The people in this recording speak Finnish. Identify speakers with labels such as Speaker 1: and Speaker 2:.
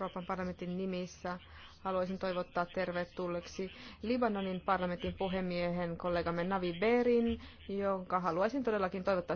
Speaker 1: Euroopan parlamentin nimissä haluaisin toivottaa tervetulleeksi Libanonin parlamentin puhemiehen kollegamme Navi Berin, jonka haluaisin todellakin toivottaa